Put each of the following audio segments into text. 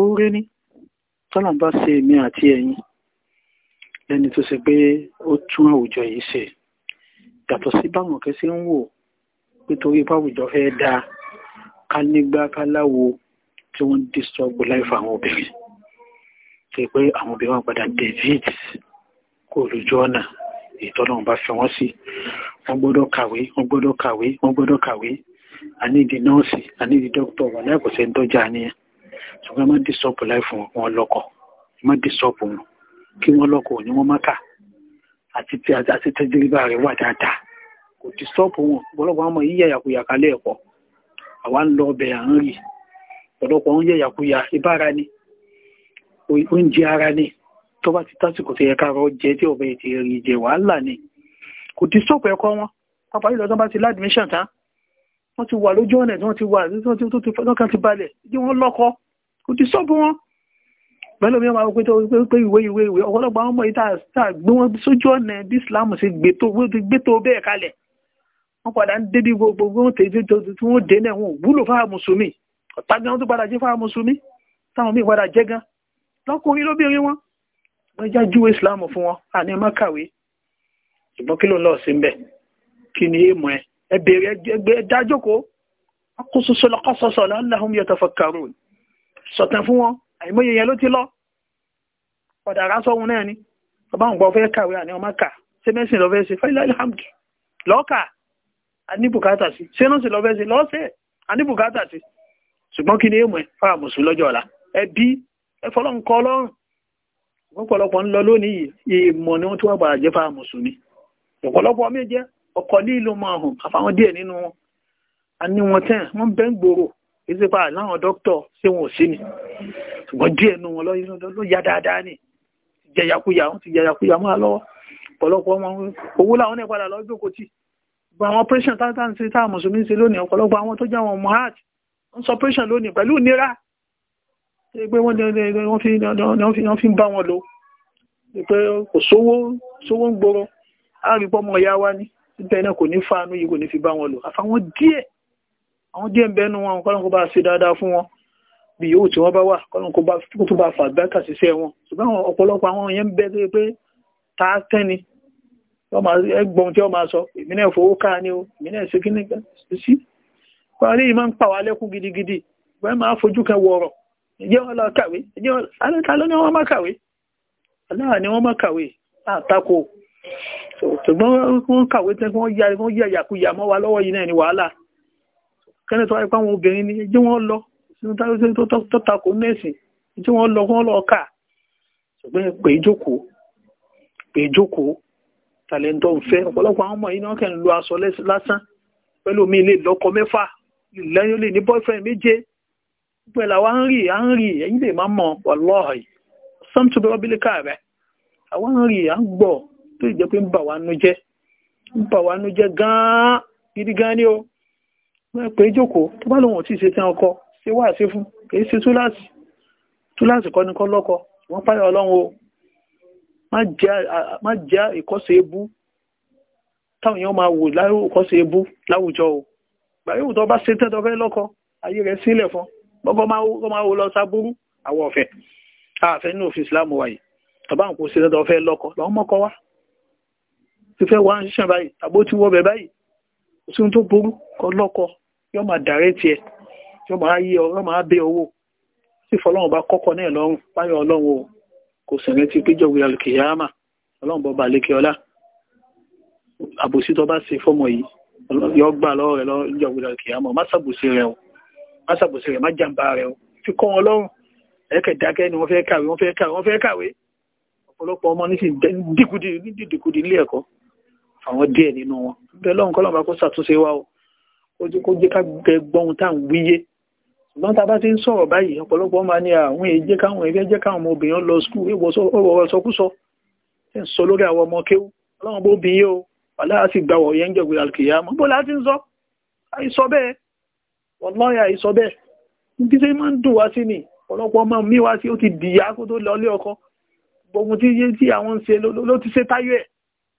oore ní tọ́lá bá ṣe èmi àti ẹ̀yin lẹ́ni tó ṣe pé ó tún àwùjọ yìí ṣe yàtọ̀ sí báwọn kẹ́ sí ń wò nítorí báwùjọ fẹ́ dáa ká nígbà ká láwo tí wọ́n dìstọ́bù láìfà àwọn obìnrin ṣe pé àwọn obìnrin wọn padà david kò lójú ọ̀nà ìtọ́nà bá fẹ́ wọ́n sí wọ́n gbọ́dọ̀ kàwé wọ́n gbọ́dọ̀ kàwé wọ́n gbọ́dọ̀ kàwé a ní ìdí nọ́ọ̀sì a ní ìdí dókítà wà láìpọ̀sẹ̀ ń tọ́jà nìyẹn ṣùgbọ́n má dìsọ́pù láì fún wọn lọ́kọ̀ má dìsọ́pù wọn kí wọ́n lọ́kọ̀ ní wọ́n má kà àti tí àti tẹ́jìlíbà rẹ̀ wà dáadáa kò dìsọ́pù wọn ọ̀pọ̀lọpọ̀ àwọn ọmọ yíyà yàkuyà kalẹ̀ ẹ̀kọ́ àwa ń lọ ọbẹ̀ à ń rì ọ̀pọ̀lọpọ̀ oúnjẹ yàkuyà ibára ni oúnjẹ ara ni tó bá ti tásìkò tó yẹ ká rọ jẹ tí ọbẹ̀ ti rí jẹ wàhálà ni kò dìsọ́pù ẹ̀kọ́ wọn pàpà yìí lọ́dún bá ti ládìmíṣàn tán wọ́n ti wà lójú ọ̀nà tí wọ́n ti wà lọ́kàn ti balẹ̀ jí wọ́n lọ́kọ́ kò ti sọ́ọ̀bù wọn pẹ̀lú omi ọmọ pé pé ìwé ìwé ìwé ọ̀pọ̀lọpọ̀ àwọn ọmọ yìí tá a gbé wọn sójú ọ̀nà bí Islam ṣe gbé tó gbé tó bẹ́ẹ̀ kalẹ̀ wọ́n padà ń débi gbogbo wọn tètè tí wọ́n dé náà wọn ò wúlò fáwọn mùsùlùmí ọ̀tá gan tó padà jẹ́ fáwọn mùsùlùmí táwọn míì padà jẹ́ gan lọ́kùnrin lóbìnrin wọn wọ́n já júwe Islam fún wọn àní má kàwé ṣùgbọ́n kí ló ń lọ sí mbẹ̀ kí ni èèmọ̀ ẹ ẹ bèrè ẹgbẹ́ dájókòó akóso sọlọ́kọ́sọsọ làálàhùn yatafakkarun sọ̀tàn fún wọn àìmọye yẹn ló ti lọ ọ̀dàrà sọ́hun náà ni bàbá òun gbọ́ fẹ́ kàwé àní ọmọ kà ṣé mẹ́sìn lọ́fẹ́ ṣe fáìlà alhamdu lọ́ọ̀kà àníbùkátà sí ṣé náà sì lọ́fẹ́ ṣe lọ́ọ̀ṣẹ̀ àníbùkátà sí ṣùgbọ́n kí ni èèmọ̀ ẹ̀ fáà mùsùlùmí lọ́jọ́ ọ̀la ẹbí ẹ fọlọ́n kọ́ ọlọ́run ọ̀pọ̀lọpọ̀ ń lọ lónìí ìmọ̀ ni wọ́n tún wà gbàrà jẹ́ fáà mùsùlùmí ọ̀pọ̀lọpọ̀ mi jẹ́ ọkọ̀ lílo mọ̀ ọ̀hún àfàwọn díẹ̀ nínú wọn a tẹ́ wọ́n bẹ́ ń gbòòrò ìsìnpá láwọn dókítọ̀ ṣé wọn ò sí ni ṣùgbọ́n díẹ̀ nu wọn ló ya dáadáa ni jẹyàkuyà wọn ti jẹyàkuyà máa lọ́wọ́ ọ̀pọ̀lọpọ̀ wọn owó làwọn náà padà lọ́jọ́ kò tí gbogbo àwọn operation tátà ń ṣe tá mùsùlùmí ń ṣe lónìí ọ̀pọ̀lọpọ̀ àwọn tó jẹ́ àwọn ọmọ heart ń sọ operation lónìí pẹ̀lú ìnira pé wọ́n fi ń bá wọn lò pé kò sówó sówó ń gbòòrò àrípọ̀ ọmọ ìyá wa ní bẹ́ẹ̀ náà kò ní fàánú yìí kò ní fi bá wọn lò àfàwọn díẹ̀ àwọn díẹ̀ ń bẹ́nu wọn kọ́lọ́n kó bá ṣe dáadáa fún wọn bí yóò tí wọ́n bá wà kọ́lọ́n kó bá fà gbákà síṣẹ́ wọn ṣùgbọ́n ọ̀pọ̀lọpọ̀ àwọn yẹn ń bẹ́ tó pé ta tẹ́ni ẹgbọ́n tí wọ́n máa sọ ìmínẹ̀ fowó káà ní o ìmínẹ̀ sí kí ní sí parí ìmọ̀ ń pa wá lẹ́kún gidigidi wọ́n máa fojú kan wọ̀rọ̀ ẹjẹ́ wọn lọ kàwé ẹjẹ́ wọn aláta ló wọ́n má kàwé aláà ni wọ́n má kàwé àtakò ṣùgbọ́n wọ́n kàwé tẹ́ wọ́n yà yàkuyà mọ́ wa lọ́wọ́ yìí náà ni wàhálà kẹ́ni tó wáyé pé àwọn obìnrin ni jí wọ́n lọ sínú táyọ̀sí tó takò nẹ́ẹ̀sì jí wọ́n lọ wọ́n lọ kà ṣùgbọ́n pè jókòó pè jókòó tàlẹ́ńtọ́ ń fẹ́ ọ̀pọ̀lọpọ̀ àwọn ọmọ yìí náà kẹ́ni lo aṣọ lásán pẹ̀lú mi lè lọ́kọ mẹ́fà lẹ́yìn lè ní boyfriend méje pẹ̀lú àwọn ń rí ẹ̀yìn lè máa mọ̀ ọlọ́ọ̀hìn sọ́mtúbí rọ́bílíkà rẹ̀ àwọn ń à ń gbọ́ tó ìjẹ́ pé ń bà wá nú jẹ́ ń bà wá nú jẹ́ gan-an gidi gan-an ni o wọ́n pè é jókòó tó bá lòun ò tí ì ṣe tí wọn kọ ṣé wà ṣe fún kì í ṣe túláàsì túláàsì kọ́ ni kọ́ lọ́kọ wọ́n páyọ̀ ọlọ́run o má jẹ́ ìkọ́sẹ̀ ebú táwọn èèyàn máa wò láìkọ́sẹ̀ ebú láwùjọ o gbàyè òótọ́ bá ṣe tẹ́tọ́ fẹ́ lọ́kọ ayé rẹ̀ sílẹ̀ fún gbọ́gbọ́ máa wò lọ sábúrú àwọn ọ̀fẹ́ àfẹ́ ní òfin ìsìlámù wáyé tọ́bá ń kó ṣe tẹ́tọ́ fẹ́ lọ́kọ lọ́wọ́ mọ́kọ wá ti fẹ́ wá ń ṣiṣẹ́ báyìí àbó ti wọ́ bẹ̀ báyìí kò sí ohun tó burú kọ lọ́kọ yóò máa dàrẹ́ tiẹ̀ yóò máa yí ọ yóò máa bẹ owó tí fọlọ́run bá kọ́kọ́ náà lọ́rùn páyọ̀ ọlọ́run o kò sì rántí péjọwé alùkìyàmà ọlọ́run bọ́ balẹ̀kẹ́ ọlá àbòsí tó bá ṣe fọ́mọ yìí yọ gbà lọ́wọ́ rẹ̀ lọ́jọ́wé alùkìyàmà má ṣàbòsí rẹ̀ o má ṣàbòsí rẹ̀ má jàǹbá rẹ̀ o fi kọ́ wọn lọ́rùn ẹ̀kẹ́ dákẹ́ ni wọ́n fẹ́ kàwé wọ́n fẹ́ kàwé wọ́n fẹ́ kàwé ọ̀pọ̀lọpọ̀ ọmọ ní dìkudì nídìdìkudì ẹ̀kọ́ àwọn díẹ̀ nínú wọn bẹ́ẹ̀ lọ́run kọ́ lọ́run bá kó ṣàtúnṣe wa o ojú kó jẹ́ ká gẹ gbọ́hun tá à ń wíyé ṣùgbọ́n tá a bá ti ń sọ̀rọ̀ báyìí ọ̀pọ̀lọpọ̀ máa ní àwọn èjẹ́ káwọn ẹ̀fẹ́ jẹ́ káwọn ọmọbìnrin lọ skul ìwọ̀ sọkúsọ tí ń sọ lórí àwọn ọmọ kéwú ọlọ́run bó bí yé o wàlá a sì gbàwọ̀ yẹn ń jẹ̀gbé alkìyà mọ́ bó láti ń sọ àìsọ bẹ́ẹ̀ ọlọ́yà àìsọ bẹ́ẹ̀ bí ṣe máa ń dùn wá sí ni ọ̀pọ̀lọpọ̀ gbogbo tí yé tí àwọn ń ṣe ló ti ṣe táyọ̀ ẹ̀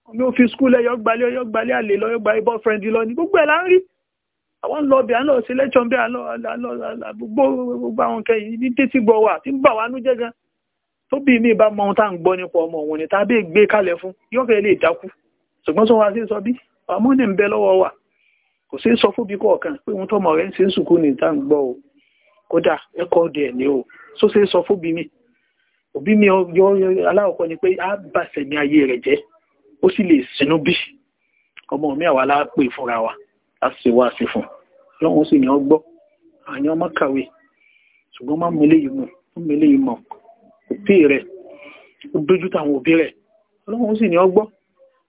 ọmọ òfin skul ẹ̀ yọ gbalẹ̀ àlè lọ yọ gbalẹ̀ lọ ni gbogbo ẹ̀ là àwọn ń lọ ọbẹ̀ àlọ́ sí lẹ́tọ̀ ń bẹ́ gbogbo àwọn kẹyìn ní títí gbọ́ wà tí ń bà wá nú jẹ́ gan tó bí mi bá mọ ohun tá à ń gbọ́ nípa ọmọ òun ni tàbí gbé kalẹ̀ fún yọ́kẹ́ lè dákú ṣùgbọ́n tó wá sí sọ bí ọmọ ní ń bẹ lọ́wọ́ wa kò sí sọ fún bí kọ̀ọ̀kan pé ohun tọmọ rẹ̀ ń ṣe ń sùkú ní tá à ń gbọ́ o kódà ẹ̀kọ́ dẹ̀ ni o tó ṣe sọ fún bí mi òbí mi yọ aláwọ̀kọ́ ni pé á bàṣẹ̀ ní ayé rẹ̀ jẹ́ ó sì lè sínú bí ọmọ mi àwa lápè fúnra wa a sì wá sí fún lọ́wọ́n sì ní ọ gbọ́ àyàn ọmọ kàwé ṣùgbọ́n má mẹ́lẹ̀ yìí mọ̀ mẹ́lẹ̀ yìí mọ̀ rẹ̀ ó dójú táwọn òbí rẹ̀ lọ́wọ́n sì ní ọ gbọ́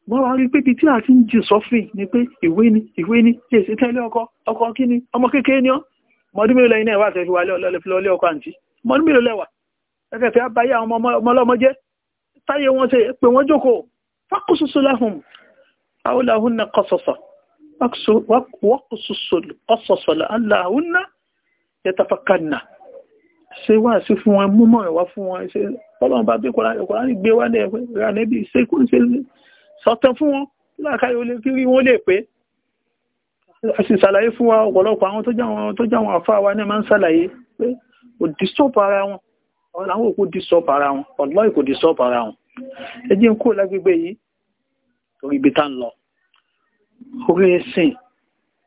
wọ́n wá rí pé tí a ti ń jì sọ́fìn ni pé ìwé ni ìwé ni èsì tẹ́lẹ̀ ọkọ ọkọ kí ni ọmọ kékeré ni ọ́ mọ́dún mélòó lẹ́yìn náà wà tẹ́ fi wà lọ́lẹ́ ọkọ àǹtí mọ́dún mélòó lẹ́wà ẹ̀kẹ́ fẹ́ báyé àwọn ọmọ ọlọ́mọ jẹ́ táyé wọn ṣe pé wọ́n jókòó fákòsóso láhùn àwòláhùn náà kọ́ sọ̀sọ̀ wọ́kùsùsùlù aláhùnà yẹtafakànà ṣe wá sí fún wọn múmọ̀ ẹ̀wá fún wọn ṣe ọlọ́run bá bí kòránì gbé wá lẹ́ẹ̀kọ́ ránẹ́bí ṣe kú ṣe sọ̀tàn fún wọn láàkáyọ̀ olè kiri wọ́n lè pé a sì ṣàlàyé fún wa ọ̀pọ̀lọpọ̀ àwọn tó jáwọn àfáà wa náà máa ń ṣàlàyé pé kò disturb ara wọn àwọn làwọn disturb ara wọn ọ̀lọ́ ìkò disturb ara wọn ẹ kúrò lágbègbè yìí torí ibi tá ń lọ orí ẹ̀sìn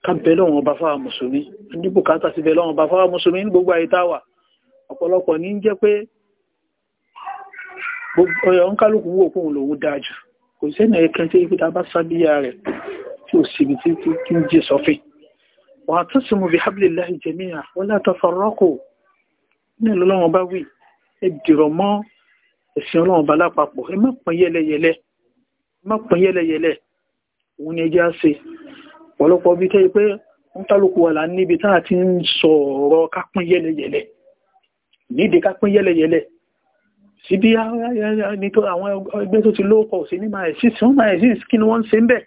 ká bẹ̀ lọ́wọ́n ọba fáwọn mùsùlùmí ní bùkátà sí bẹ̀ lọ́wọ́n ọba fáwọn mùsùlùmí ní gbogbo àyíká wà ọ̀pọ̀lọpọ̀ ní jẹ́ pé ọ̀yọ̀ ń kálùkù wò kóhun lòun dájú kò sẹ́nà ẹ̀kẹ́ tí ibi tá bá sábíyà rẹ̀ tí ó sì bí tí kí ń jẹ sọ́fìn wà tó sì mú bí hablillahi jami'a wọ́n látọ̀ farọ́kù ní ìlọ́lọ́wọ́n bá wí ẹ dìrọ̀ mọ́ ẹ̀sìn ọlọ́wọ́n bá lápapọ̀ ẹ má pín yẹ́lẹ́yẹ́lẹ́ òun ni ẹjẹ́ ṣe pọ̀lọpọ̀ bí tẹ́ pé ń tálùkù wà láà níbi táà ti ń sọ̀rọ̀ kápín yẹ́lẹ̀yẹ̀lẹ̀ nídìí kápín yẹ́lẹ̀yẹ̀lẹ̀ sí bí àwọn ẹgbẹ́ tó ti lóòkọ̀ sí ní máa ẹ̀sí ni wọ́n ń ṣe ń bẹ̀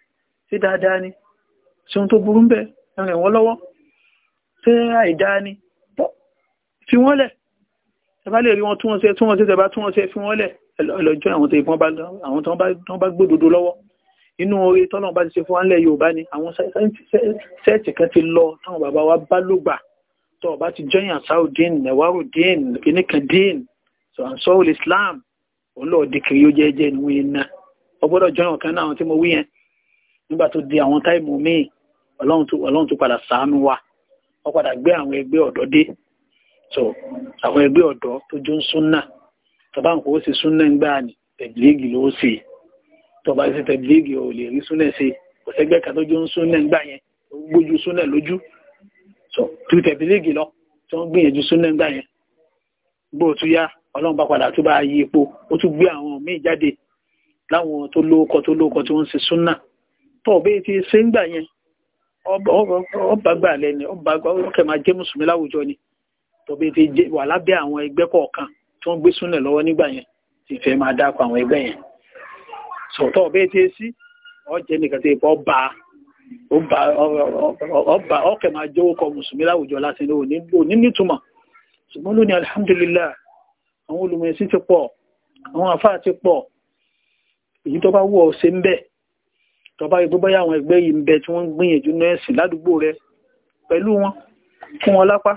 sí dáadáa ni sí ohun tó burú ń ni fi wọ́n lẹ̀ ẹbá lè rí wọn tún wọn ṣe tún wọn ṣe tẹ̀bá tún wọn ṣe fi àwọn tó ń bá gbódodo lọ́wọ́ inú orí tọ́nà bá ti ṣe fún wa ńlẹ̀ yorùbá ni àwọn sẹ́ẹ̀tì kan ti lọ táwọn bàbá wa bá ló gbà tọ́ ọba ti jọyàn saudin nawarudin kìnnìkandin ansọ́ọ̀lù islam olóòdì kiri ó jẹ́jẹ́ ni wọ́n iná ọgbọ́dọ̀ jọyàn kan náà tí mo wí yẹn nígbà tó di àwọn táìmù míì ọlọ́run tó padà ṣàánú wa wọ́n padà gbé àwọn ẹgbẹ́ ọ̀dọ́ dé so àwọn ẹgbẹ́ ọ̀dọ́ tó jó ń súnà tọ́bá ń kó ó sì súnà ń gbáà ní tẹ̀gbìlégì ló ó sì tọba ṣe tẹ̀blígì ò lè rí súnẹ̀ ṣe kò sẹ́gbẹ́ kan tó jó ń súnẹ̀ ńgbà yẹn gbójú súnẹ̀ lójú sọ tu tẹ̀blígì lọ tó ń gbìyànjú súnẹ̀ ńgbà yẹn bó o tún yá ọlọ́run bá padà tó bá yí epo ó tún gbé àwọn míì jáde láwọn tó lóókọ tó lóókọ tí wọ́n ń ṣe súnà tó o bẹ́ẹ̀ ti ṣe ńgbà yẹn ọba gbà lẹ́ni ọba gbà ọkẹ́ máa jẹ́ mùsùlùmí láwùjọ ni tó o bẹ́ẹ̀ ti wà lábẹ́ àwọn ẹgbẹ́ kọ̀ọ̀kan tí wọ́n gbé súnà lọ́wọ́ nígbà yẹn ti máa dáko àwọn ẹgbẹ́ yẹn sọ̀tọ̀ ọ̀bẹ́ tí sí ọjẹ́ nìkan tí ìpọ̀ bá ọba ọkẹ̀ máa jẹ́ ọkọ̀ mùsùlùmí láwùjọ láti ní òní nítumọ̀ ṣùgbọ́n lónìí alhamdulillah àwọn olùmọ̀ẹ́sí ti pọ̀ àwọn àfáà ti pọ̀ èyí tó bá wọ́ ṣe ń bẹ̀ tó bá igbó báyà àwọn ẹgbẹ́ yìí ń bẹ tí wọ́n ń gbìyànjú náà sí ládùúgbò rẹ pẹ̀lú wọn fún wọn lápá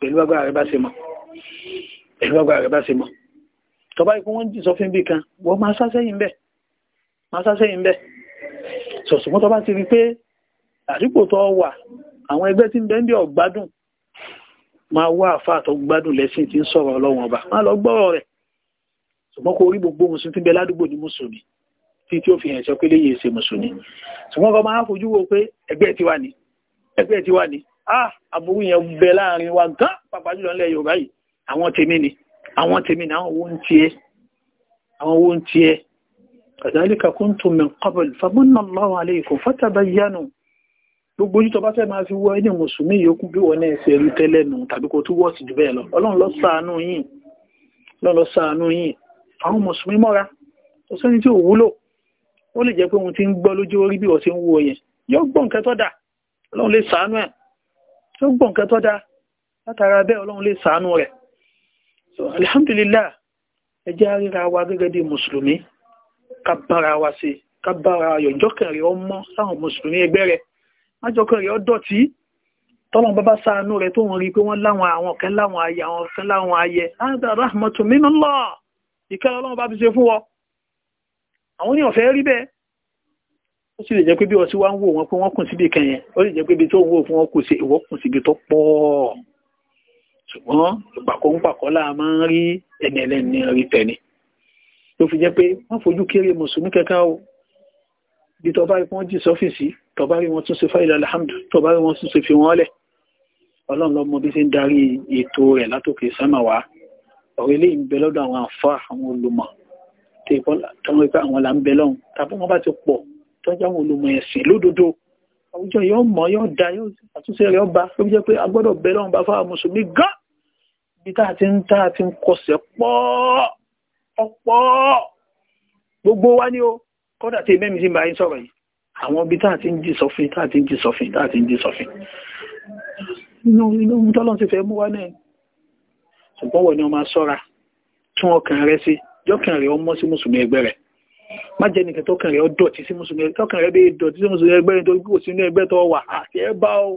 pẹ̀lú agbára rẹ bá ṣe mọ̀ pẹ̀lú agbára rẹ bá ṣe mọ̀ tó bá igbó wọ́n jì sọ fún bí kan wọ́n máa sá sẹ́yìn bẹ́ẹ̀ máa sáṣẹ́ yìí bẹ́ sọ̀sùnmọ́ tó bá ti rí pé àdípò tó wà àwọn ẹgbẹ́ tí ń bẹ́ ń bí ọ̀gbádùn máa wá àfá àtọ́ gbádùn lẹ́sìn tí ń sọ̀rọ̀ ọlọ́run ọba máa lọ gbọ́rọ̀ rẹ̀ ṣùgbọ́n kò rí gbogbo mùsùlùmí tí ń bẹ ládùúgbò ní mùsùlùmí tí tí ó fi hàn sọ pé léyìí ṣe mùsùlùmí ṣùgbọ́n kọ́ máa fojú wo pé ẹgbẹ́ tiwa ni ẹgbẹ́ tiwa ni ah aburú yẹn bẹ láàrin wa gán pàpà jùlọ nílẹ̀ Yorùbá yìí àwọn tèmi ni àwọn tèmi ni àwọn owó ń tiẹ̀ àwọn owó ń tiẹ̀ كذلك كنتم من قبل فمن الله عليكم فتبينوا gbogbo ojú tó bá fẹ́ máa fi wọ ẹni mùsùlùmí yòókù bí wọn náà ṣe rí tẹ́lẹ̀ nù tàbí kò tún wọ́ọ̀sì jù bẹ́ẹ̀ lọ ọlọ́run lọ ṣàánú yín lọ́run lọ ṣàánú yín àwọn mùsùlùmí mọ́ra kò sẹ́ni tí ò wúlò rẹ̀ alhamdulillah ẹ àríra wa gẹ́gẹ́ bí mùsùlùmí ká bára wa ṣe ká bára ayọ̀ ìjọkẹ̀rẹ̀ ọmọ sáwọn mùsùlùmí ẹgbẹ́ rẹ̀ májọkẹ̀rẹ̀ ọdọ̀tí tọ́lọ́n bá bá sáánú rẹ̀ tó ń rí pé wọ́n láwọn àwọn kan láwọn ayé àwọn kan láwọn ayé láńdà rahmatu minallah ìkẹ́ ọlọ́run bá fi ṣe fún wọn àwọn ní ọ̀fẹ́ rí bẹ́ẹ̀ ó sì lè jẹ́ pé bí ọtí wá ń wò wọn pé wọ́n kùn síbi kan yẹn ó lè jẹ́ pé ibi tó ń wò fún wọn kò sí ìwọ́ kùn síbi tó pọ̀ ṣùgbọ́n ìpàkọ́ ń pàkọ́ láà máa ń rí ẹ̀nẹ̀lẹ́ni rí ló fi jẹ́ pé wọ́n fojú kéré mùsùlùmí kẹta o bí tọba rí wọ́n jì sọ́fíìsì tọba rí wọ́n tún ṣe fáìlì alhamdu tọba rí wọ́n tún ṣe fi wọ́n lẹ̀ ọlọ́run lọ́mọ bí ṣe ń darí ètò rẹ̀ látòkè sámàwá ọ̀rọ̀ ilé ìbẹ̀ lọ́dọ̀ àwọn àfá àwọn olùmọ̀ tọ́wọ́n ipá àwọn là ń bẹ lọ́hùn tàbí wọ́n bá ti pọ̀ tọ́jú àwọn olùmọ̀ ẹ̀sìn lódodo àwùjọ yóò mọ̀ yóò da yóò àtúnṣe rẹ̀ ọba ló jẹ́ pé a gbọ́dọ̀ bẹ lọ́hùn bá fáwọn mùsùlùmí gán bí tá a ti ń kọsẹ̀ pọ́ọ́ ọ̀pọ̀ gbogbo wa ni ó kọ́dà tí mẹ́mí sí bá yín sọ̀rọ̀ yìí àwọn ibi táà ti ń jí sọfin táà ti ń jí sọfin táà ti ń jí sọfin inú inú tọ́lọ́ ti fẹ́ mú wá náà ṣùgbọ́n wọ̀ ni ọmọ sọ́ra tún ọkàn rẹ sí jọ́kàn rẹ ọmọ sí mùsùlùmí ẹgbẹ́ rẹ má jẹ́ nìkan tọ́kàn rẹ ọdọ̀tí sí mùsùlùmí ẹgbẹ́ tọ́kàn rẹ bí dọ̀tí sí mùsùlùmí ẹgbẹ́ rẹ torí kò sí inú ẹgbẹ́ tó wà àti ẹ bá o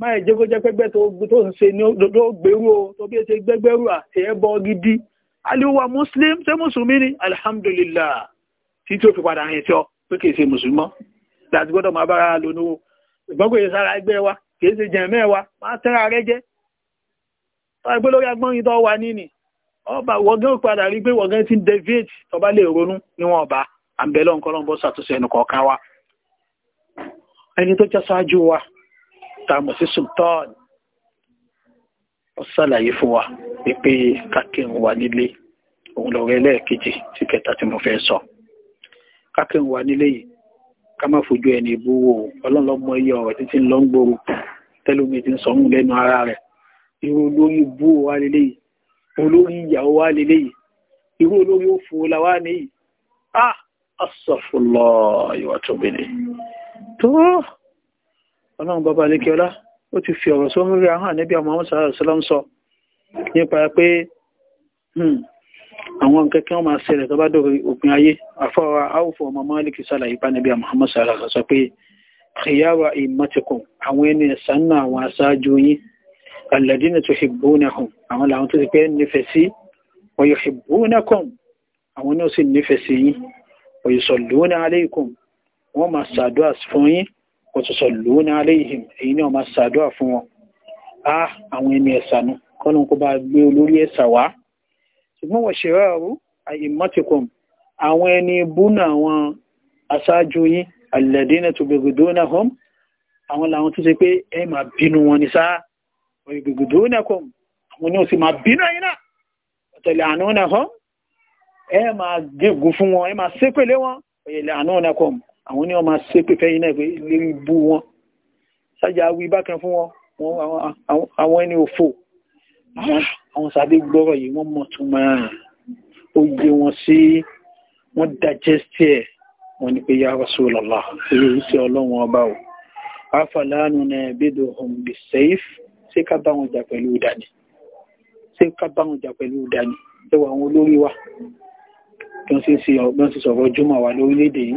má ẹ jẹ́ kó jẹ́ pẹ́gbẹ́ tó ń ṣe ní ó gbèrú o tó bí ẹ ṣe gbẹ́gbẹ́rú àti ẹ bọ́ gidi aliwa muslim ṣé mùsùlùmí ni alhamdulillah tí tí ó fi padà rìn tí ọ pé kìí ṣe mùsùlùmọ́ láti gbọ́dọ̀ máa bára lò ní o ìgbọ́n kò yẹ sára ẹgbẹ́ wa kìí ṣe jẹ̀ mẹ́wa máa tẹ́ra rẹ jẹ́ tó ẹgbẹ́ lórí agbọ́n yìí tó wà níní ọba wọ́gán padà rí pé wọ́gán ti ń deviate tọba lè ronú níwọ̀n ọba àbẹ̀lọ́ nǹkan lọ́nbọ́ ṣàtúnṣe ẹnu kọ̀ọ̀kan wa ẹni tó jẹ́ ṣáájú wa tàmọ̀ sí sultan ó ṣàlàyé fún wa wípé kákẹ́hùn wa nílé òun lọ́rọ̀ ẹlẹ́ẹ̀kejì sí kẹta tí mo fẹ́ sọ kákẹ́hùn wa nílé yìí ká má fojú ẹni ìbú wo ọlọ́lọ́mọ iye ọ̀rọ̀ títí ń lọ ń gbòòrò tẹ́lómi ti ń sọ ń lẹ́nu ara rẹ̀ irú olórí ìbú wa lélẹ́yìí olórí ìyàwó wa lélẹ́yìí irú olórí òfò la wá níyìí ah asọ̀fúnlọ́ ìwà tóbi ni tó ọlọ́run bàbá lékè ọlá ó ti fi ọ̀rọ̀ sórí rí ahọ́n níbi ọmọ ọmọ sàrà sọlọ́m sọ nípa pé hmm, àwọn nǹkan kí wọ́n máa ṣẹlẹ̀ tó bá dòrí òpin ayé àfọwọ́ àwòfọ́ ọmọ mọ́lìkì sàlàyé bá níbi ọmọ ọmọ sàrà sọ pé khiyara imatikum àwọn ẹni ẹ̀sán náà àwọn aṣáájú yín alladina tuhibbunahum àwọn làwọn tó ti pẹ́ nífẹ̀ẹ́ sí òtùsọ̀ lónà aléyìn èyí ni ọmọ sàdọ́à fún wọn á àwọn ẹni ẹ̀sà nù kọ́nà kó bá gbé olórí ẹ̀sà wá ṣùgbọ́n wọ́n ṣe ráàrú àyèmọ́tìkùn àwọn ẹni búnà àwọn aṣáájú yín alẹ́dínà tó gbogbo hom àwọn làwọn tó ṣe pé ẹ máa bínú wọn ni sáà gbogbo hom àwọn ni ó sì máa bínú ẹ̀yin náà ọ̀tẹ̀lẹ̀ àánú náà hom ẹ máa gégùn fún wọn ẹ máa ṣépèlé wọn ọ̀yẹ̀lẹ̀ àánú náà hom àwọn ní ọmọ ṣépè fẹ́yìn náà pé lérí bú wọn sájà wí bákan fún wọn àwọn ẹni òfò ah, àwọn sàbí gbọ́rọ̀ yìí wọ́n mọ̀ tún máa ó yé wọn sí wọ́n digest ẹ̀ wọ́n ní pé ya Rasulullah èyí sí ọlọ́run ọba o afàlánù na ẹ̀bẹ́dọ̀ ọmọdé sẹ́if ṣé ká bá wọn jà pẹ̀lú ìdáni ṣé ká bá wọn jà pẹ̀lú ìdáni ẹwà àwọn olórí wa bí wọ́n sì sọ̀rọ̀ jùmọ̀ wà lórílẹ̀-èdè yìí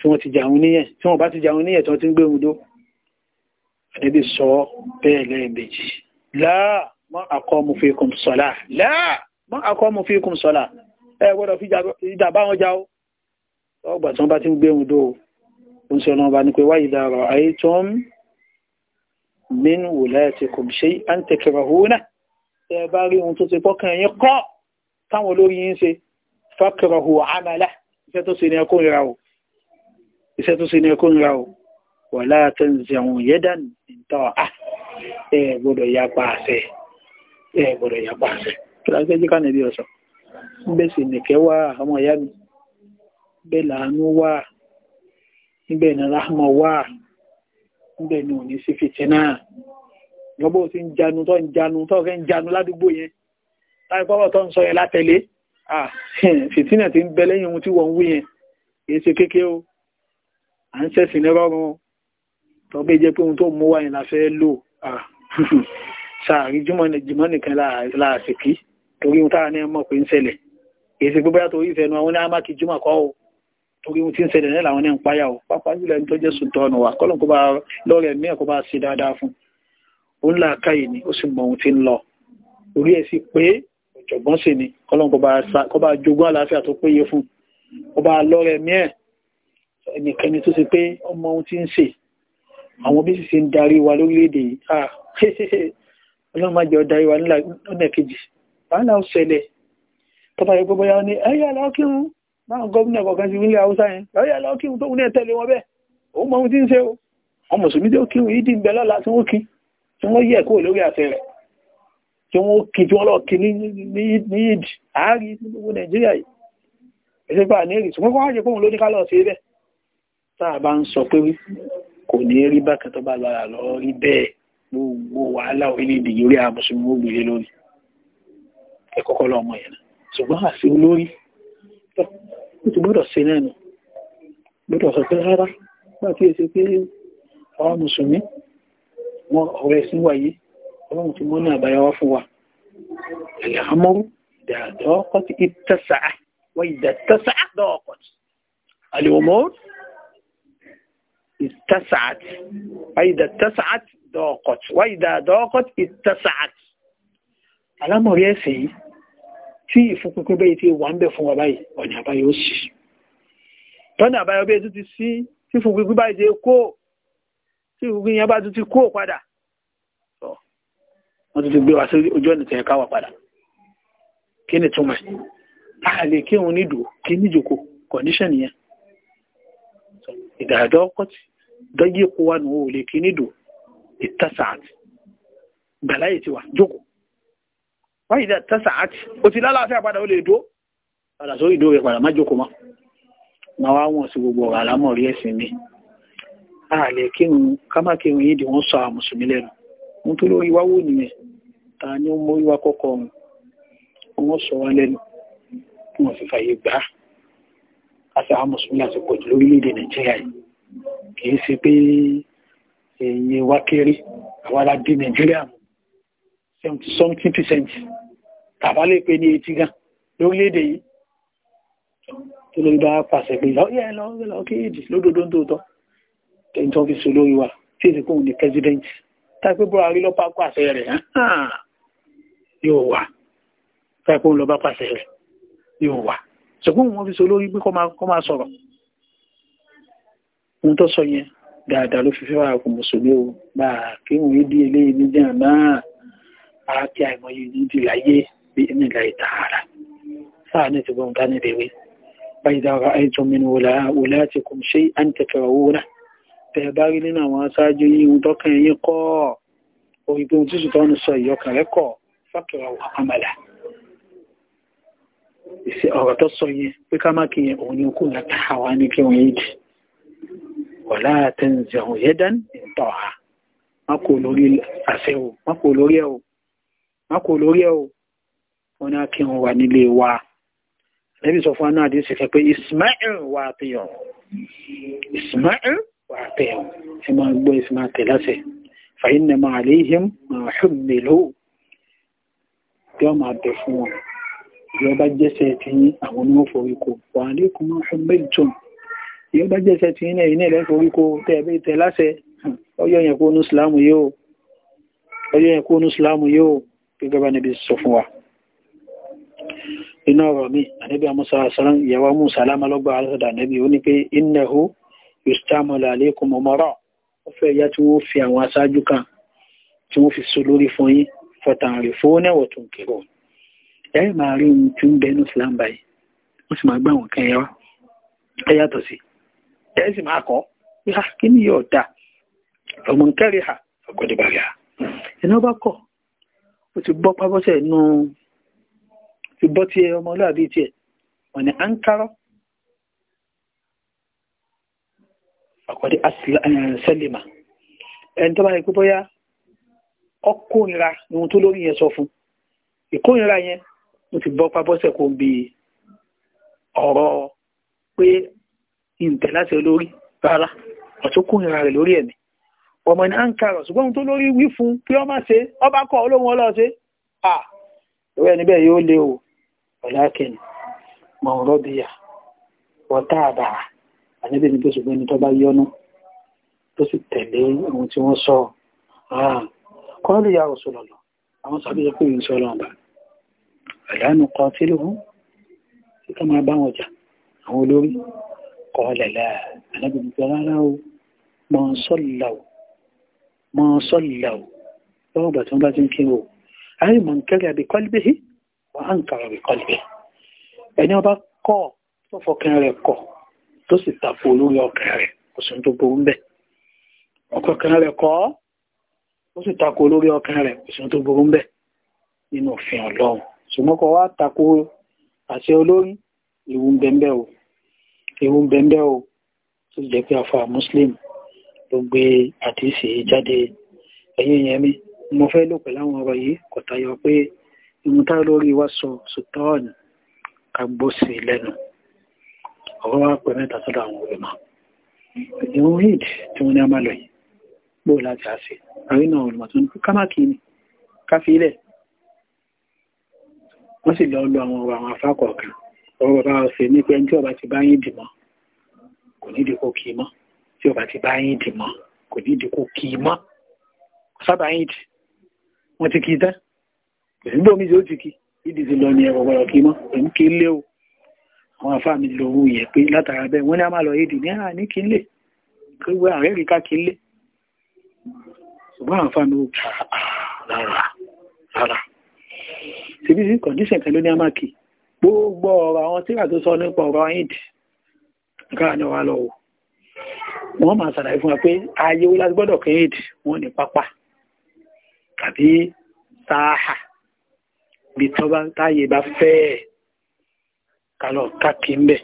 tí wọ́n ti jàun níyẹ̀ tí wọ́n bá ti jàun níyẹ̀ tí wọ́n ti ń gbé odó àdébì sọ bẹ́ẹ̀ lẹ́ẹ̀mejì láà mọ́ àkọ́mù fíkùn sọ́lá láà mọ́ àkọ́mù fíkùn sọ́lá ẹ gbọ́dọ̀ fi ìjà bá wọn jáwó ọgbà tí wọ́n bá ti ń gbé odó ó ń sọ náà bá ní pé wáyé dàrọ̀ ayé tó ń min wùlẹ́ẹ̀tìkùn ṣe án tẹ̀kẹ̀rọ̀ húnà tẹ́ iṣẹ́ tó ṣe ni ẹkún ra o iṣẹ́ tó ṣe wà láàtọ̀ ìṣẹ̀wọ̀n yẹ́dà nìtọ́ à ẹ gbọ́dọ̀ ya pa àṣẹ ẹ gbọ́dọ̀ ya pa àṣẹ kí láti ẹjí kánà bí ọ̀sán sì nìkẹ́ wá ọmọ ìyá mi níbẹ̀ làánú wá níbẹ̀ ni rahma wá níbẹ̀ ni òní sí fìtínà yọ́bọ̀ tí ń janu tó ń janu tó fẹ́ ń janu ládùúgbò yẹn láì pọ́pọ̀ tó ń fìtínà ti ń bẹ lẹ́yìn ohun tí wọ́n ń wí yẹn kìí ṣe kékeré o à ń ṣẹ̀sìn ní rọrùn tọ́bí jẹ́ pé ohun tó mú wáyìn la fẹ́ lò sàárì jùmọ̀ nìkan láàṣìkí torí ohun tára ní ẹmọ́ pé ń ṣẹlẹ̀ èsì gbogbo yàtọ̀ orí torí ohun ni ó sì mọ ohun orí ẹ̀ sì pé jọ̀gbọ́n sì ni kọ́lọ́n kó bá jogún àlàáfíà tó péye fún kó bá lọ́rẹ̀ mí ẹ̀ ẹnìkẹ́ni tó ṣe pé ọmọ ohun tí ń ṣe àwọn bí sì ṣe ń darí wa lórílẹ̀-èdè yìí ah ọlọ́run má jẹ́ ọ darí wa lọ́nà kejì wàhálà ó ṣẹlẹ̀ tọ́ba yẹ gbogbo yàrá ni ẹ̀yà lọ́kírun báwọn gómìnà kọ̀ọ̀kan ti nílẹ̀ haúsá yẹn ẹ̀yà tí wọ́n kí tí wọ́n lọ kí ní ìd àárí gbogbo nàìjíríà yìí ẹ̀sẹ̀ bá ní èrè ṣùgbọ́n kọ́ wáyé fóun ló ní ká lọ sí ibẹ̀ táà bá ń sọ pé kò ní rí bákan tó bá lọ́ra lọ rí bẹ́ẹ̀ gbogbo wàhálà orílẹ̀-èdè yìí orí àmùsùnmí ó gbèrè lórí ẹ̀kọ́kọ́ lọ́mọ yẹn ṣùgbọ́n àti olórí gbọ́dọ̀ ṣe náà ọlọ́run ti múnà àbáyọwá fún wa alhamdu dàdọ́kọ́ ti ìtẹ́sàá wọ́n ìdàtẹ́sàá dọ́ọ̀kọ́ ti alìwọ̀mọ́ ìtẹ́sàát wáyìdà tẹ́sàát dọ́ọ̀kọ́t wáyìdà dọ́ọ̀kọ́t ìtẹ́sàát alámọ̀rí ẹ̀sẹ̀ yìí tí ìfúnpínpín bẹ́yìí tí wà ń bẹ̀ fún wa báyìí ọ̀nà àbáyọ sí tí ìfúnpínpín bá ti kó padà wọ́n ti fi gbé wa sí ojú ọ̀nà tẹ̀yẹ káwà padà kí ni túmọ̀ a lè kí òun nídò kí níjòkó condition yẹn ìdàdọ́ ọkọ̀tì dọ́gí epo wa nù ó lè kí nídò ìtàsàt gbàláyè ti wà jókòó wáyé dà tàsàt o ti lálàáfíà padà ó lè dó padà sórí ìdó rẹ̀ padà má jókòó mọ́ máa wá wọn sí gbogbo ọ̀rọ̀ àlámọ̀rí ẹ̀sìn mi a lè kírun ká má kírun wọ́n sọ ohun tó lórí wáwó nìyẹn ta ni ó mórí wá kọ́kọ́ ọ̀run wọ́n sọ wá lẹ́nu wọ́n fi fàyè gbà á àti àwọn mùsùlùmí àti pọ̀jù lórílẹ̀-èdè nàìjíríà yìí kìí ṣe pé èyí wá kéré àwọn aládé nàìjíríà mú 70 percent tàbá lè pé ní etí gan lórílẹ̀-èdè yìí tó lórí bá pàṣẹ pé lọ́yẹ̀ lọ́kẹ́ èdè lódodo ń tòótọ́ tẹ́ntọ́ fi so lórí wa tí èsì kóhun ní president tàbí buhari lọ bá pàṣẹ rẹ̀ yóò wà tàbí lọ bá pàṣẹ rẹ̀ yóò wà ṣùgbọ́n wọn fi so lórí pé kọ́ máa sọ̀rọ̀ ohun tó sọ yẹn dáadáa ló fi fẹ́ wà fún mùsùlùmí o bá a kí wọn yé di eléyìí ní jẹ́ àmà àti àìmọye ní ti láyé bí ẹni láì tààrà sáà ní ti gbọ́n ká ní báyìí dára àìtọ́ mi ní wòlá àti kùn ṣe à ń náà tẹ́ bá rí nínú àwọn aṣáájú yìí ohun tọ́kàn yín kọ́ orí pé ohun tí sùtọ́ ń sọ ìyọkàn rẹ̀ fàkìrà àmàlà ìṣe ọ̀rọ̀ tó sọ yẹn pé ká má kí yẹn òun ni okùn láti àwa ní kí wọ́n yéèdì ọ̀la àtẹnzẹ̀hùn yẹ́dán ìtọ̀ ha má kò lórí àṣẹ o má kò lórí ẹ o má kò lórí ẹ o wọ́n ní akíhun wà nílé wa lẹ́bí sọ fún aná àdéhùn sí pé وأعطيهم إما أبوي اسمها تلاسي فإنما عليهم ما حملوا يوم عدفون yóò bá jẹ́sẹ̀ tí àwọn onímọ̀ foríkó wà ní kùnmọ̀ ṣùgbẹ́jùn yóò bá jẹ́sẹ̀ tí ní ẹ̀yìn ilẹ̀ foríkó tẹ́ẹ̀bẹ́ tẹ́ láṣẹ ọyọ́ yẹn kó ní ìsìlámù yóò gẹ́gẹ́ bá níbi sọ fún wa inú ọ̀rọ̀ mi àníbí amúsà sọ́rọ̀ ìyàwó amúsà lámàlọ́gbà alásọ̀dà níbi ó ní pé innahu yustamala aleikum umara ó fẹ́ ya tí wọ́n fi àwọn aṣáájú kan tí wọ́n fi so lórí fún yín fọ̀tàrì fún ẹ̀wọ̀ tó ń kérò ẹ máa rí ohun tí ń bẹ ní Islam báyìí wọ́n sì máa gbá àwọn kan ẹwà ẹ yàtọ̀ sí ọ̀kọ̀dé eh, sẹ́lìmà ẹni tó bá rí pé bóyá ọkùnrinra ni ohun tó lórí yẹn sọ fún ìkórìíra yẹn mo ti bọ́ pábọ́sẹ̀ kó bí ọ̀rọ̀ pé ìǹtẹ̀ láti olórí rárá ọ̀tún kórìíra rẹ̀ lórí ẹ̀mí ọmọ ní ankara ṣùgbọ́n ohun tó lórí wí fún pé ṣe olóhun ọlọ́ọ̀ṣe à ìwé ẹni bẹ́ẹ̀ yóò lé o àníbi ní pé ṣùgbọ́n ẹni tó bá yọnu tó sì tẹ̀lé ohun tí wọ́n sọ kọ́ọ̀lù ah. ya Rasulullah àwọn sàbí sọ pé ìrìn sọ lọ́nà àdánù kan tí ló hún tí ká máa bá wọn jà àwọn olórí kọ́ọ̀lẹ̀ láà àníbi ní pé rárá o mọ̀ ń sọ́lọ̀ mọ̀ ń sọ́lọ̀ wọ́n bá ti ń kí o àyè mọ̀ ń kẹ́rẹ́ àbí kọ́lbẹ́hì wọ́n á ń kàrọ̀ tó sì tako olórí ọkàn rẹ̀ kò sí tó burú bẹ́ẹ̀ ọkọ̀ kan rẹ̀ kọ́ ó sì tako olórí ọkàn rẹ̀ kò sí tó burú bẹ́ẹ̀ nínú òfin ọlọ́run ṣùgbọ́n wá tako àṣẹ olórí ewu ń bẹ́ẹ̀ o ewu ń bẹ́ẹ̀ o tó jẹ́ pé àfa muslim ló gbé àdìsí jáde ẹ̀yìn yẹn mi mo fẹ́ lò pẹ̀lú àwọn ọ̀rọ̀ yìí kò tayọ pé ìmúta lórí wa sọ sùtọ́ọ̀nù ká gbó sí lẹ́nu ọ̀rọ̀ wá pẹ̀ mẹ́ta sọ́dọ̀ àwọn olùmọ̀ ìwọ̀n hìd tí wọ́n ní a máa lọ yìí bó láti àṣẹ àrínà olùmọ̀ tó ní kámákì ní káfí ilẹ̀ wọ́n sì lọ lọ àwọn ọ̀rọ̀ àwọn afákọ̀ọ̀kan ọ̀rọ̀ bàbá ọ̀sẹ̀ ní pé tí ọba ti bá yín dìmọ̀ kò ní ìdíkò kì í mọ́ tí ọba ti bá yín dìmọ̀ kò ní ìdíkò kì í mọ́ sábà yín dì wọ́n ti kì tán kò sí tí ó ti kì ìdí ti lọ ní ẹ̀rọ àwọn afá mi lò ó yẹ pé látara bẹ́ẹ̀ wọ́n ní a máa lọ èdè ní àà ní kí n lè pé wọ́n ààrẹ rí ká kí n lè ṣùgbọ́n àwọn afá mi ò gbà ah, rárá rárá síbí sí kọ̀díṣẹ̀ kan a máa kì gbogbo ọ̀rọ̀ àwọn tíra tó sọ nípa ọ̀rọ̀ aid káà ní wàá lọ wò wọ́n máa ṣàlàyé fún wa pé ayé wo láti gbọ́dọ̀ kí aid wọ́n ní pápá tàbí sáà bí tọ́ba táyé bá fẹ́ẹ̀ kálọ̀ káàkiri ń bẹ̀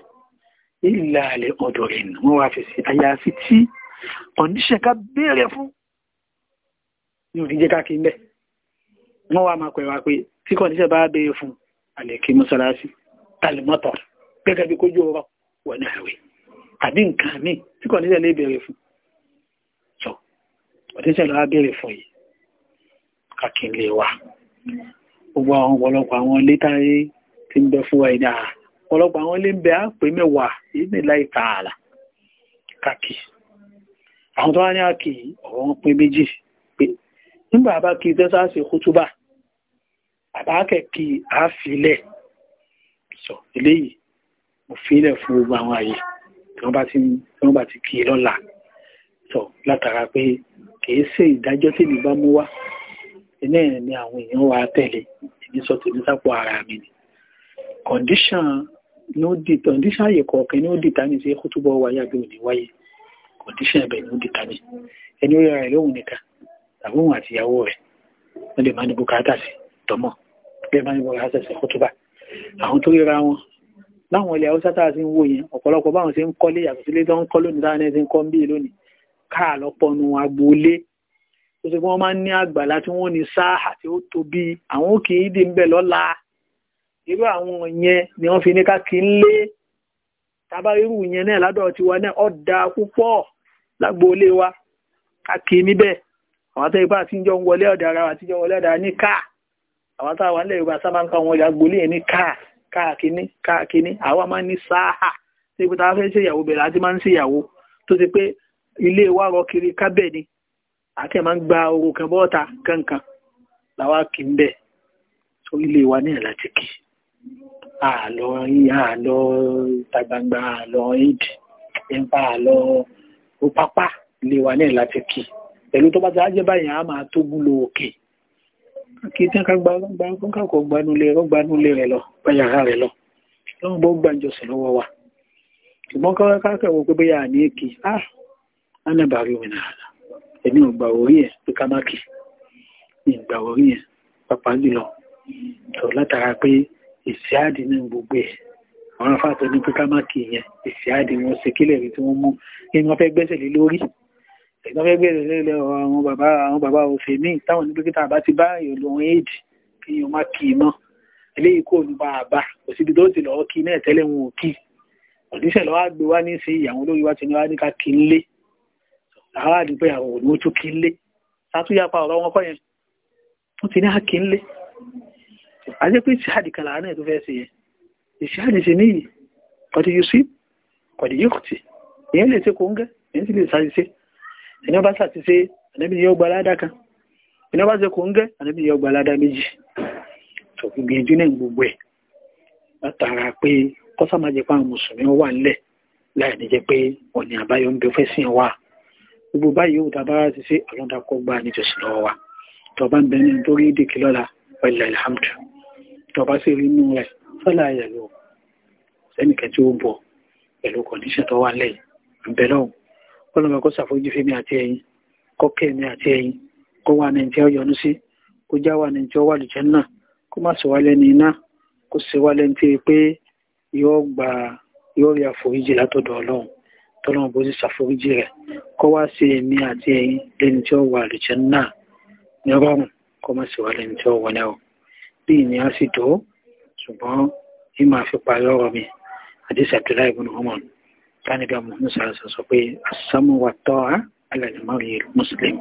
ìlà àlẹ́ ọ̀dọ̀ rẹ̀ nù wọ́n wá fi sí àyàfi tí kọ̀ǹdíṣẹ̀ ká béèrè fún ní òdíjẹ́ káàkiri ń bẹ̀ wọ́n wá máa pẹ̀wà pé tí kọ̀ǹdíṣẹ̀ bá béèrè fún àlẹ́kí mọ́sálásí tàlímọ́tọ̀ gẹ́gẹ́ bí kójú ọ̀rọ̀ wọ̀n náà rẹ̀ àbí nǹkan míì tí kọ̀ǹdíṣẹ̀ lè béèrè fún sọ kọ̀ǹdíṣẹ̀ lọ́wọ́ béèrè fún yìí káàkiri lè wà gbogbo àwọn ọ̀pọ̀lọpọ̀ àwọn létáyé ti ń bẹ fún wa ìdára ọ̀pọ̀lọpọ̀ àwọn ilé ń bẹ àpè mẹ́wàá yìí nílá ìtààlà kàkì àwọn tó wá ní àkì ọ̀rọ̀ wọn pín méjì pé nígbà bá kí tẹ́sàsì kútúbà àbákẹ́kì àfilẹ̀ sọ eléyìí mo filẹ̀ fún gbogbo àwọn àyè tí wọ́n bá ti kí lọ́la sọ látara pé kìí ṣe ìdájọ́ tí mi bá mú wá iná ẹ̀ ni àwọn èèyàn wa tẹ̀lé èmi sọ ara mi ni condition ní ó di kọ̀ǹdíṣàn àyè kọ̀ọ̀kan ní ó di tani sí kútúbọ̀ wáyé àbí òní wáyé kọ̀ǹdíṣàn ẹ̀bẹ̀ ní ó di tani ẹni ó yára rẹ̀ lóhùn nìkan tàbí òun àti ìyàwó rẹ̀ wọ́n lè máa ní bùkátà sí tọmọ bẹ́ẹ̀ máa ní bùkátà sí kútúbà àwọn tó ríra wọn láwọn ilẹ̀ haúsá tá a ti ń wò yẹn ọ̀pọ̀lọpọ̀ báwọn ṣe ń kọ́lé yàtọ̀ sílé tó ń kọ́ lónìí táwọn ẹni ti ń kọ́ ń bí lónìí káà lọ́pọ̀ agboolé tó ṣe pé wọ́n máa ń ní àgbàlá tí wọ́n ní sáà àti ó tóbi àwọn òkè ìdí ń bẹ̀ lọ́la irú àwọn yẹn ni wọ́n fi ní ká kí ń lé tábà irú yẹn náà ládọ̀ tiwa náà ó dáa púpọ̀ lágboolé wa ká kí níbẹ̀ àwọn tó ipá àtijọ́ ń wọlé ọ̀dà ara àtijọ́ wọlé ọ̀dà ní káà àwọn tó àwọn ilẹ̀ Yorùbá sábà ń kọ́ àwọn ọjà gbolé yẹn ní káà káàkíní káàkíní àwa máa ń ní sáà tí ibi táwa fẹ́ ṣèyàwó bẹ̀rẹ̀ àti máa ń ṣèyàwó tó ti pé ilé wa rọ kiri kábẹ̀ ni àti máa ń gba oru kan bọ́ọ̀ta kankan làwa kì í bẹ̀ so ilé wa ní ẹ̀ àlọ́ àlọ́ ìta gbangba àlọ́ aid ẹ̀ǹpa àlọ́ òpápá lè wà náà láti kí pẹ̀lú tó bá ti ajẹ́ báyìí a máa tó gúlò òkè kí tí wọ́n gba kọ́ gbanulẹ̀ rẹ̀ gbanulẹ̀ rẹ̀ lọ báyàrá rẹ̀ lọ lọ́wọ́ bó gbàjọsìn lọ́wọ́ wa ṣùgbọ́n kọ́wọ́ kákẹ́wọ́ pé bóyá àní èkì ah anábàárí òmìnira àlà èmi ò gbà orí ẹ̀ pé ká má kì í ìgbà orí ẹ̀ pàpà jùlọ tó látara pé ìsíáàdì ní gbogbo ẹ̀ àwọn afáàtọ̀ ní pípa máàkì yẹn ìsíáàdì wọn ṣe kílẹ̀ rí tí wọ́n mú kí wọ́n fẹ́ gbẹ́sẹ̀ lé lórí ẹ̀gbọ́n fẹ́ gbẹ́sẹ̀ lé lọ àwọn bàbá àwọn bàbá òfin míì táwọn ní pípa àbá ti bá ìlú wọn éèdì kí wọ́n má kì í mọ́ eléyìí kò ní bá a bá kò síbi tó ti lọ́ọ́ kí náà tẹ́lẹ̀ wọn ò kí òdíṣẹ́ lọ́wọ́ àgbè wá ní wa ti ní wá ní ká kí ń lé àwọn àdúgbò àwọn òní ó tún kí ń àti pé ìṣáàdì kan láàárín ẹ̀ tó fẹ́ ṣe yẹ ìṣáàdì ṣe níyì kọ̀dí yóò sí kọ̀dí yóò tì ìyẹn lè ṣe kó ń gẹ́ ìyẹn sì lè ṣáàdì ṣe ìyẹn bá ṣàti ṣe ànábì yóò gba aládá kan ìyẹn bá ṣe kó ń gẹ́ ànábì yóò gba aládá méjì tó gbìyànjú náà gbogbo ẹ̀ látara pé kọ́sàmájẹ mùsùlùmí wà ńlẹ̀ láì ní jẹ́ pé ọ̀nì àbáyọ ń bẹ fẹ́ sìn wà gbogbo báyìí yóò tàbá ti ṣe àlọ́dàkọ́ gbà nítòsí lọ́wọ́ wa tọ́ba ń bẹ ní nítorí dèkì lọ́la wàlẹ̀ alhamdulilayi tọba sí rí inú rẹ̀ fọ́lá ẹ̀yẹ̀lú sẹ́nìkẹ́ tí ó bọ̀ pẹ̀lú kọ̀díṣẹ̀ tó wà lẹ́yìn àbẹ̀lọ́hùn ọlọ́mọ kó ṣàforíjì fẹ́mi àti ẹ̀yin kó kẹ́mi àti ẹ̀yin kó wà ní tí ó yọ́nú sí kó já wà ní tí ó wà lùjẹ́ náà kó má sì wá lẹ́ni iná kó sì wá lẹ́ni tí pé yóò gba yóò rí àforíjì látọ̀dọ̀ ọlọ́run tọ́lọ́run bó sì ṣàforíjì rẹ̀ kó wá sí èmi àti ẹ̀yin lẹ́ni tí ó wà náà ní ọgọ́rùn kó má sì wá lẹ́ni tí ó wọlé bí ìní á sì tó ṣùgbọ́n bí máa fi parí ọ̀rọ̀ mi àdìsí Abdullahi ibn Umar tánibà Muhammad sàrẹsà sọ pé asámú wa tọ́ a alàlùmọ́rì mùsùlùmí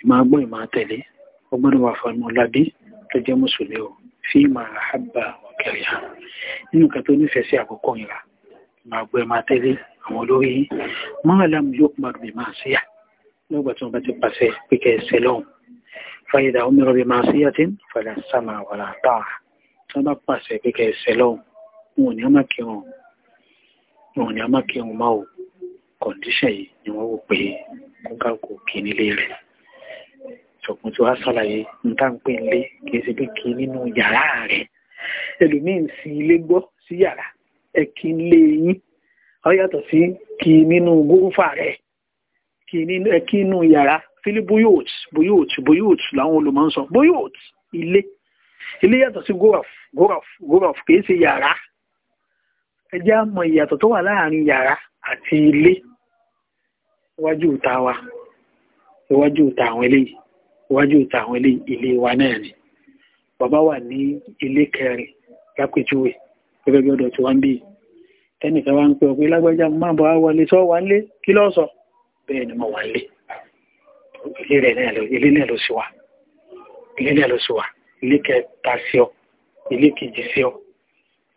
ìmọ̀ agbó ìmọ̀ àtẹ̀lé ọgbọ́n wà fún ọmọ lábí tó jẹ́ mùsùlùmí o fi máa àbá ọ̀kẹ́rìà nínú kan tó nífẹ̀ẹ́ sí àkókò ìrà ìmọ̀ agbó ìmọ̀ àtẹ̀lé àwọn olórí yìí mọ́ àlámù yóò pọ̀ bí máa فإذا أمر بمعصية فلا سمع ولا طاعة wọ́n bá pàṣẹ pé kẹ́ ẹsẹ̀ lọ́wọ́ wọn ò ní ọmọ kí wọn wọn ò ní ọmọ kí wọn máa wò kọ̀ǹdíṣẹ̀ yìí ni wọ́n wò pé kókà kò kí nílé rẹ̀ ṣùgbọ́n tí wàá ṣàlàyé ní tá à ń pè nílé kì í ṣe pé kí nínú yàrá rẹ̀ ẹlòmíì ń sin ilé gbọ́ sí yàrá ẹ kí nílé yín ọ yàtọ̀ sí kí nínú gúrúfà rẹ̀ kí nínú yàrá fili buyut buyut buyut làwọn olùmọ̀ ń sọ buyut ilé ilé yàtọ̀ sí goraf goraf goraf kìí ṣe yàrá ẹjẹ́ àmọ̀ ìyàtọ̀ tó wà láàrin yàrá àti ilé iwájú ìta wa iwájú ìta àwọn eléyìí iwájú ìta àwọn eléyìí ilé wa náà ni bàbá wà ní ilé kẹrin lápèjúwe gẹ́gẹ́ bí ọ̀dọ̀ tí wọ́n ń bí ẹnìkan wá ń pè ọ́ pé lágbájá máa bọ̀ wá wọlé sọ wà ń lé kí ló sọ bẹ́ẹ̀ ni mo wà ń lé ilé rẹ̀ náà ilé náà ló sì wà ilé náà ló sì wà ilé kẹta sí ọ ilé kejì sí ọ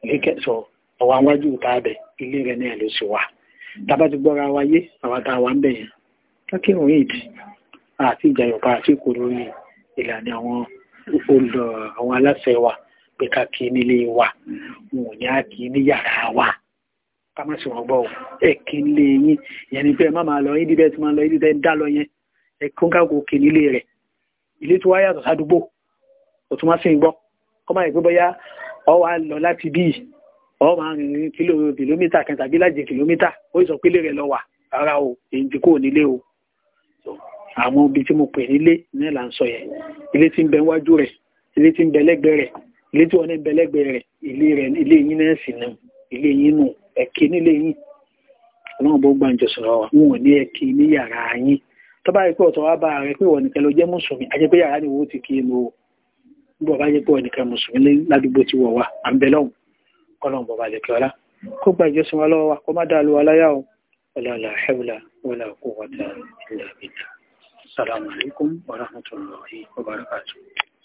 ilé kẹsọ ọwọ́ awájú tá a bẹ ilé rẹ̀ náà ló sì wà tábà ti gbọ́ra wa yé àwọn tá a wà ń bẹ̀ yẹn kákẹ́ òun ìdí àti ìjà yorùbá àti ìkòrò ní ìlànà àwọn olùdọ̀ àwọn aláṣẹ wa pé ká kí nílé wa wọn ò ní á kí ní yàrá wa ká má sì wọ́n gbọ́ ẹ̀ kí nílé yín ìyẹn ni pé má máa lọ yín dídẹ́ tí máa lọ yín dídẹ́ dá lọ yẹn ẹ̀kọ́gàgò òkè nílé rẹ̀ ilé tó wá yàtọ̀ sádùúgbò òtún máa sì ń gbọ́ kọ́ máa gbé bóyá ọ wà lọ láti bí ọ máa rìn ní kílò kìlómítà kan tàbí láti kìlómítà ó sọ pé ilé rẹ̀ lọ wà rárá o èyí tí kò nílé o àwọn ibi tí mo pè nílé náà là ń sọ yẹn ilé tí ń bẹ wájú rẹ̀ ilé tí ń bẹ lẹ́gbẹ̀ẹ́ rẹ̀ ilé tí wọn ń bẹ lẹ́gbẹ̀ẹ́ rẹ̀ ilé rẹ̀ ilé yín náà sì nà ilé yín nù ẹ̀kẹ́ nílé yín ọlọ́run bó gbàǹjọ sọ̀rọ̀ wọn ò ní ẹ̀kẹ́ ní yàrá yín tó bá rí pé ọ̀tọ̀ wá bá rẹ pé wọ́n nìkan ló jẹ́ mùsùlùmí ajẹ́pẹ́ yàrá ni wo ti kí inú bọ̀ bá jẹ́ pé wọ́n nìkan mùsùlùmí ládùúgbò ti wọ̀ wá à ń bẹ lọ́hùn kọ́lọ́hùn ọlá kó gba ìjọsìn wa lọ́wọ́ wa kó má dá lu aláyà o wala la hawla wala quwwata illa billah assalamu alaikum wa